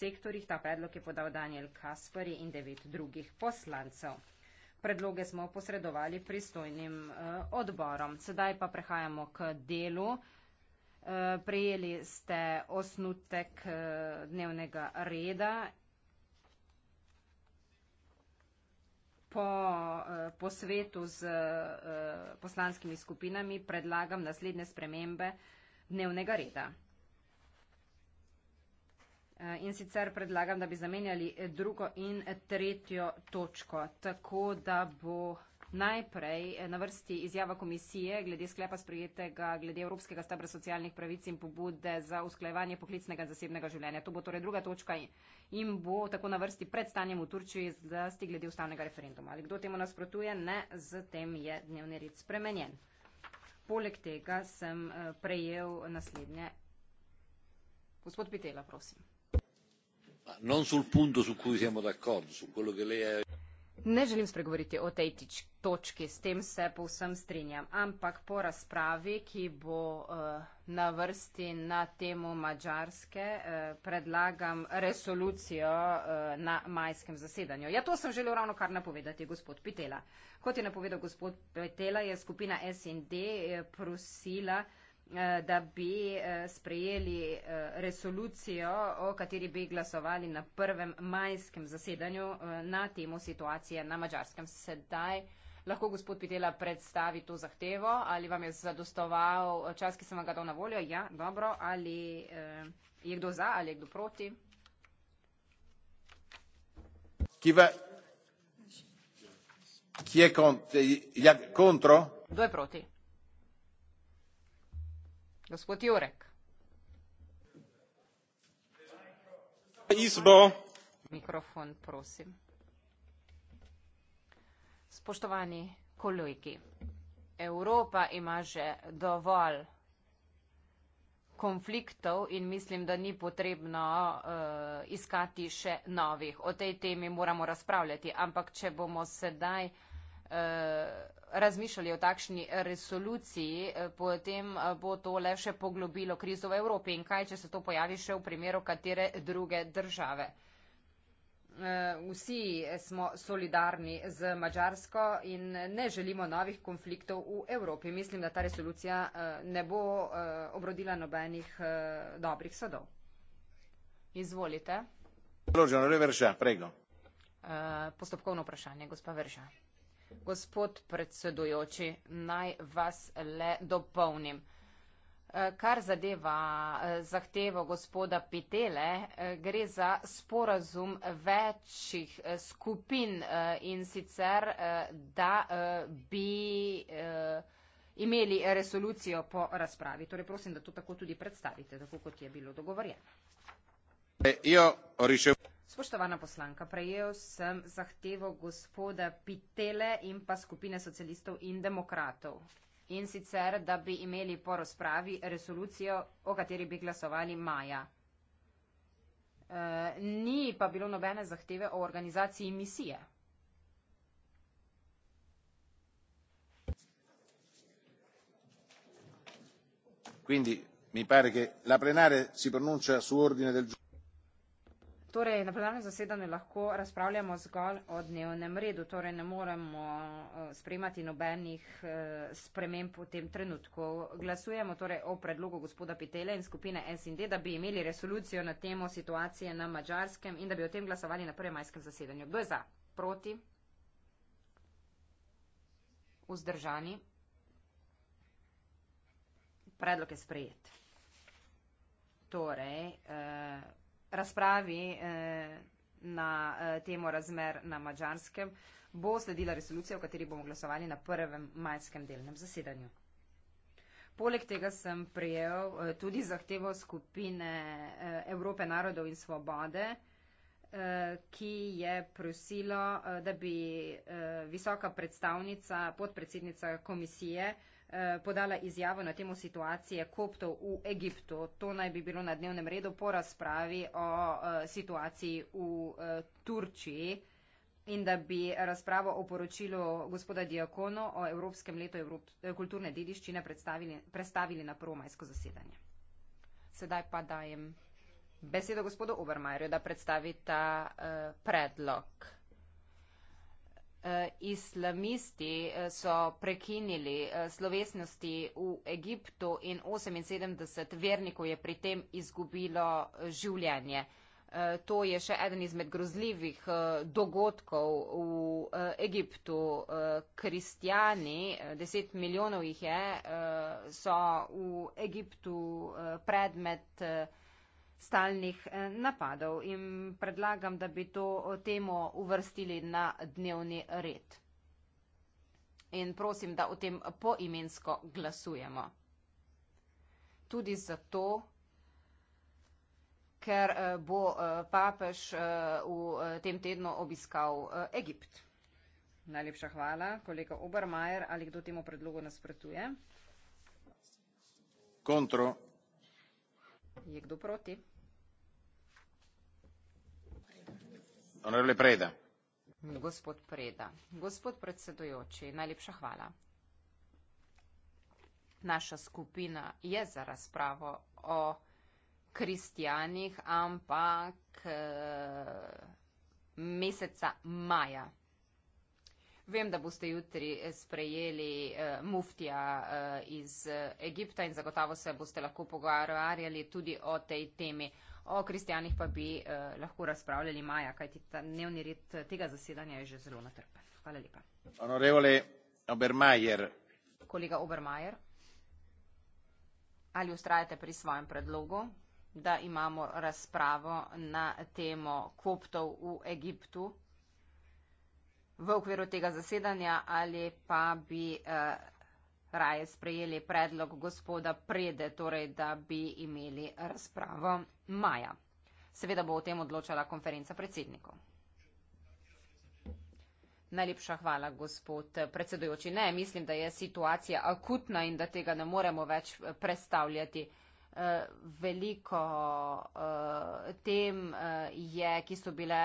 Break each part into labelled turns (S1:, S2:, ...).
S1: sektorjih. Ta predlog je podal Daniel Kasperi in devet drugih poslancev. Predloge smo posredovali pristojnim uh, odborom. Sedaj pa prehajamo k delu. Uh, prejeli ste osnutek uh, dnevnega reda. Po posvetu z poslanskimi skupinami predlagam naslednje spremembe dnevnega reda. Eh, in sicer predlagam, da bi zamenjali eh, drugo in eh, tretjo točko, tako da bo najprej na vrsti izjava komisije glede sklepa sprejetega glede Evropskega stebra socialnih pravic in pobude za usklajevanje poklicnega zasebnega življenja. To bo torej druga točka in bo tako na vrsti pred stanjem v Turčiji zlasti glede ustavnega referenduma. Ali kdo temu nasprotuje? Ne, z tem je dnevni red spremenjen. Poleg tega sem prejel naslednje. Gospod Pitela, prosim
S2: non sul punto su cui siamo d'accordo su quello che lei ha
S1: Ne želim spregovoriti o tej tič, točki, s tem se povsem strinjam, ampak po razpravi, ki bo uh, na vrsti na temo Mačarske, uh, eh, predlagam resolucijo uh, na majskem zasedanju. Ja, to sem želel ravno kar napovedati, gospod Pitela. Kot je napovedal gospod Pitela, je skupina SND prosila, uh, Eh, da bi eh, sprejeli eh, resolucijo, o kateri bi glasovali na prvem majskem zasedanju na temo situacije na Mačarskem. Sedaj lahko gospod Pitela predstavi to zahtevo ali vam je zadostoval čas, ki sem vam ga dal na voljo. Ja, dobro, ali je kdo za ali je kdo proti?
S2: Ki ve, ki je ja, kontro?
S1: Kdo je proti? gospod jurek mikrofon prosim spoštovani kolegi evropa ima že dovolj konfliktov in mislim da ni potrebno uh, iskati še novih o tej temi moramo razpravljati ampak če bomo sedaj uh, razmišljali o takšni resoluciji, eh, potem eh, bo to le še poglobilo krizo v Evropi in kaj, če se to pojavi še v primeru katere druge države. Eh, vsi smo solidarni z Mačarsko in ne želimo novih konfliktov v Evropi. Mislim, da ta resolucija ne bo obrodila nobenih dobrih sadov. Izvolite. Postopkovno vprašanje, gospa Verža. Gospod predsedujoči, naj vas le dopolnim. Eh, kar zadeva eh, zahtevo gospoda Pitele, eh, gre za sporazum večjih skupin in sicer, da bi imeli resolucijo po razpravi. Torej prosim, da to tako tudi predstavite, tako kot je bilo dogovorjeno. E, Spoštovana poslanka, prejel sem zahtevo gospoda Pitele in pa skupine socialistov in demokratov. In sicer, da bi imeli po razpravi resolucijo, o kateri bi glasovali maja. E, ni pa bilo nobene zahteve o organizaciji misije.
S2: Quindi, mi pare che la plenare si pronuncia su ordine del giorno.
S1: Torej, na plenarnem zasedanju lahko razpravljamo zgolj o dnevnem redu, torej ne moremo eh, sprejemati nobenih eh, sprememb v tem trenutku. Glasujemo torej o predlogu gospoda Pitele in skupine SND, da bi imeli resolucijo na temo situacije na Mačarskem in da bi o tem glasovali na prvem majskem zasedanju. Kdo je za? Proti? Vzdržani? Predlog je sprejet. Torej, eh, razpravi eh, na eh, temo razmer na mačarskem bo sledila resolucija, o kateri bomo glasovali na prvem majskem delnem zasedanju. Poleg tega sem prijel eh, tudi zahtevo skupine eh, Evrope narodov in svobode, eh, ki je prosilo, eh, da bi eh, visoka predstavnica, podpredsednica komisije eh, podala izjavo na temo situacije koptov v Egiptu. To naj bi bilo na dnevnem redu po razpravi o situaciji v Turčiji in da bi razpravo o poročilu gospoda Diakono o Evropskem letu Evrop kulturne dediščine predstavili, predstavili na prvo majsko zasedanje. Sedaj pa dajem besedo gospodu Obermajru, da predstavi ta eh, predlog. Eh, islamisti eh, so prekinili slovesnosti v Egiptu in 78 vernikov je pri tem izgubilo življenje. To je še eden izmed grozljivih dogodkov v Egiptu. Kristijani, 10 milijonov jih je, so v Egiptu predmet stalnih eh, napadov in predlagam, da bi to temo uvrstili na dnevni red. In prosim, da o tem poimensko glasujemo. Tudi zato, ker eh, bo eh, papež v tem tednu obiskal Egipt. Najlepša hvala. Kolega Obermajer, ali kdo temu predlogu nasprotuje? Kontro. Je kdo proti? Gospod Preda. Gospod predsedujoči, najlepša hvala. Naša skupina je za razpravo o kristijanih, ampak eh, meseca maja. Vem, da boste jutri eh, sprejeli eh, muftija iz Egipta in zagotavo se boste lahko pogovarjali tudi o tej temi. O kristijanih pa bi eh, lahko razpravljali maja, kajti ta dnevni red tega zasedanja je že zelo natrpen. Hvala lepa.
S2: Honorevole Obermajer.
S1: Kolega Obermajer, ali ustrajate pri svojem predlogu, da imamo razpravo na temo koptov v Egiptu v okviru tega zasedanja ali pa bi. Eh, raje sprejeli predlog gospoda Prede, torej da bi imeli razpravo maja. Seveda bo o tem odločala konferenca predsednikov. Najlepša hvala, gospod predsedujoči. Ne, mislim, da je situacija akutna in da tega ne moremo več eh, predstavljati. Eh, veliko eh, tem eh, je, ki so bile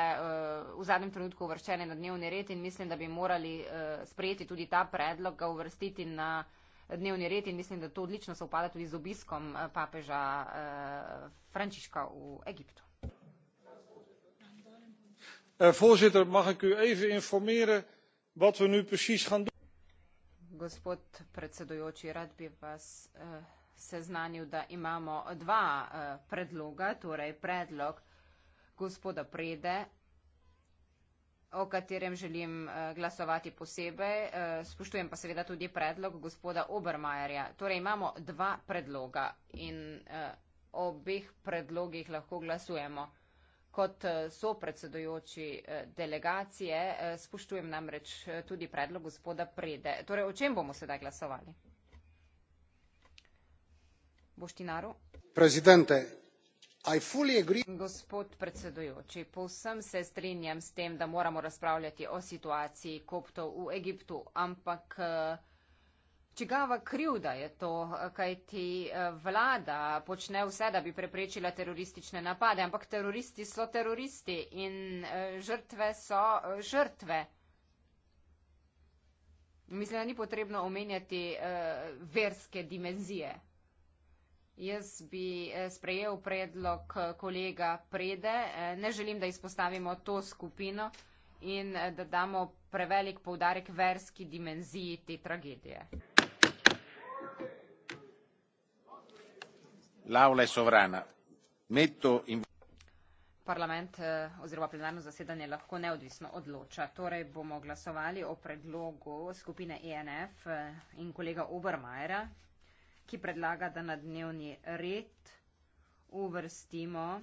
S1: v zadnjem trenutku uvrščene na dnevni red in mislim, da bi morali sprejeti tudi ta predlog, ga uvrstiti na dnevni red in mislim, da to odlično se upada tudi z obiskom papeža Frančiška v Egiptu.
S2: Voorzitter, mag ik u even informeren wat we nu precies gaan doen?
S1: Gospod predsedujoči, rad bi vas uh, seznanil, da imamo dva eh, predloga, torej predlog gospoda Prede, o katerem želim eh, glasovati posebej, eh, spoštujem pa seveda tudi predlog gospoda Obermajerja. Torej imamo dva predloga in obeh predlogih lahko glasujemo. Kot so predsedojoči delegacije, spoštujem namreč tudi predlog gospoda Prede. Torej, o čem bomo sedaj glasovali? Boštinaru. Gospod predsedujoči, povsem se strinjam s tem, da moramo razpravljati o situaciji koptov v Egiptu, ampak eh, čigava krivda je to, kaj ti eh, vlada počne vse, da bi preprečila teroristične napade, ampak teroristi so teroristi in eh, žrtve so žrtve. Mislim, da ni potrebno omenjati verske dimenzije. Jaz bi eh, sprejel predlog eh, kolega Prede. Eh, ne želim, da izpostavimo to skupino in da damo prevelik povdarek verski dimenziji te tragedije. Parlament oziroma plenarno zasedanje lahko neodvisno odloča. Torej bomo glasovali o predlogu skupine ENF in kolega Obermajera ki predlaga, da na dnevni red uvrstimo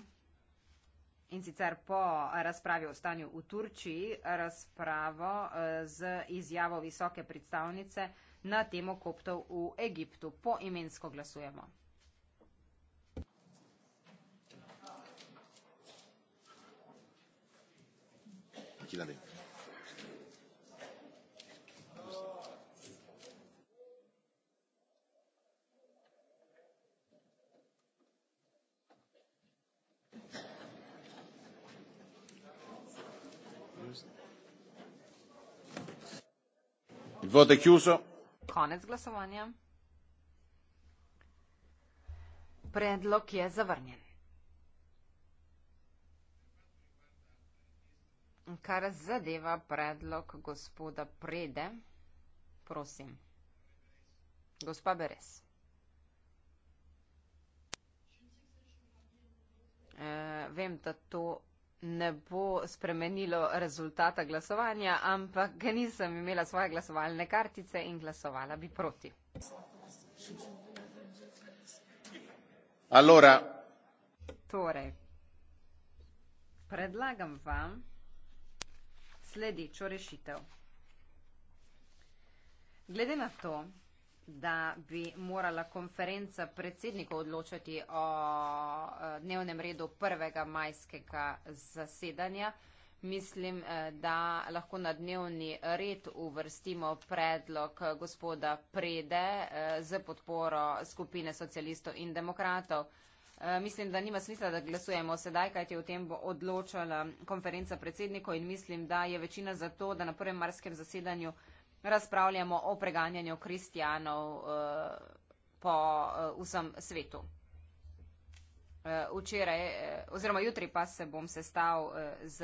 S1: in sicer po razpravi o stanju v Turčiji razpravo eh, z izjavo visoke predstavnice na temo koptov v Egiptu. Po imensko glasujemo.
S2: Gracias. Voto è chiuso.
S1: Konec glasovanja. Predlog je zavrnjen. Kar zadeva predlog gospoda Prede, prosim. Gospa Beres. E, vem, da to ne bo spremenilo rezultata glasovanja, ampak ga nisem imela svoje glasovalne kartice in glasovala bi proti.
S2: Allora.
S1: Torej, predlagam vam sledečo rešitev. Glede na to, da bi morala konferenca predsednikov odločati o eh, dnevnem redu 1. majskega zasedanja. Mislim, eh, da lahko na dnevni red uvrstimo predlog eh, gospoda Prede z podporo skupine socialistov in demokratov. Mislim, da nima smisla, da glasujemo sedaj, kajti o tem bo odločala konferenca predsednikov in mislim, da je večina za to, da na prvem marskem zasedanju razpravljamo o preganjanju kristijanov eh, po eh, vsem svetu. Eh, včeraj oziroma jutri pa se bom sestal z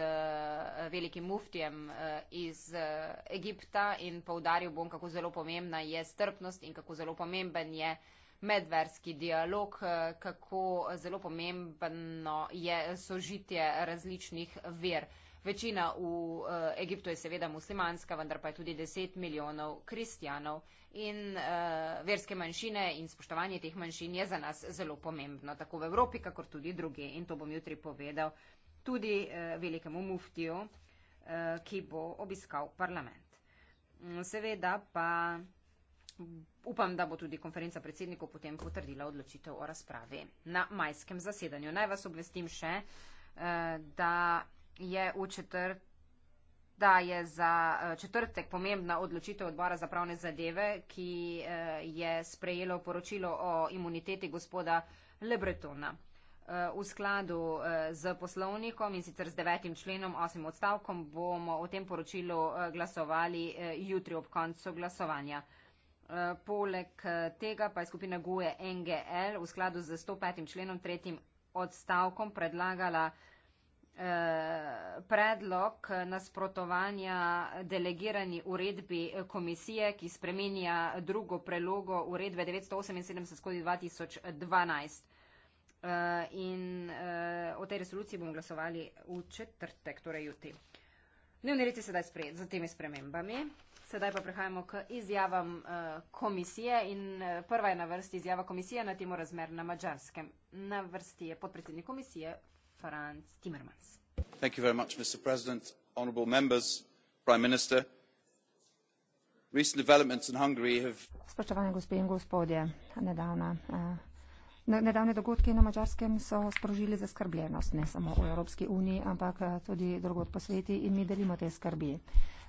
S1: velikim muftijem iz Egipta in povdaril bom, kako zelo pomembna je strpnost in kako zelo pomemben je medverski dialog, kako zelo pomembno je sožitje različnih ver. Večina v eh, Egiptu je seveda muslimanska, vendar pa je tudi 10 milijonov kristjanov in eh, verske manjšine in spoštovanje teh manjšin je za nas zelo pomembno, tako v Evropi, kakor tudi druge. In to bom jutri povedal tudi eh, velikemu muftiju, ki bo obiskal parlament. Mm, seveda pa. Upam, da bo tudi konferenca predsednikov potem potrdila odločitev o razpravi na majskem zasedanju. Naj vas obvestim še, da je v četrt da je za eh, četrtek pomembna odločitev odbora za pravne zadeve, ki eh, je sprejelo poročilo o imuniteti gospoda Lebretona. Eh, v skladu z poslovnikom in sicer z devetim členom, osmim odstavkom, bomo o tem poročilu glasovali jutri ob koncu glasovanja. Poleg tega pa je skupina GUE NGL v skladu z 105. členom, tretjim odstavkom predlagala Eh, predlog nasprotovanja delegirani uredbi komisije, ki spremenja drugo prelogo uredbe 978 skozi 2012. Eh, in eh, o tej resoluciji bomo glasovali v četrtek, torej jutri. Dnevni red je sedaj sprejet za temi spremembami. Sedaj pa prehajamo k izjavam komisije in prva je na vrsti izjava komisije na temo razmer na mačarskem. Na vrsti je podpredsednik komisije frans timmermans.
S2: mr president honourable members prime minister recent developments in hungary have.
S1: spoštovani gospe in gospodje eh, nedavni dogodki na madžarskem so sprožili zaskrbljenost ne samo v evropski uniji ampak eh, tudi drugod po svetu in mi delimo te skrbi.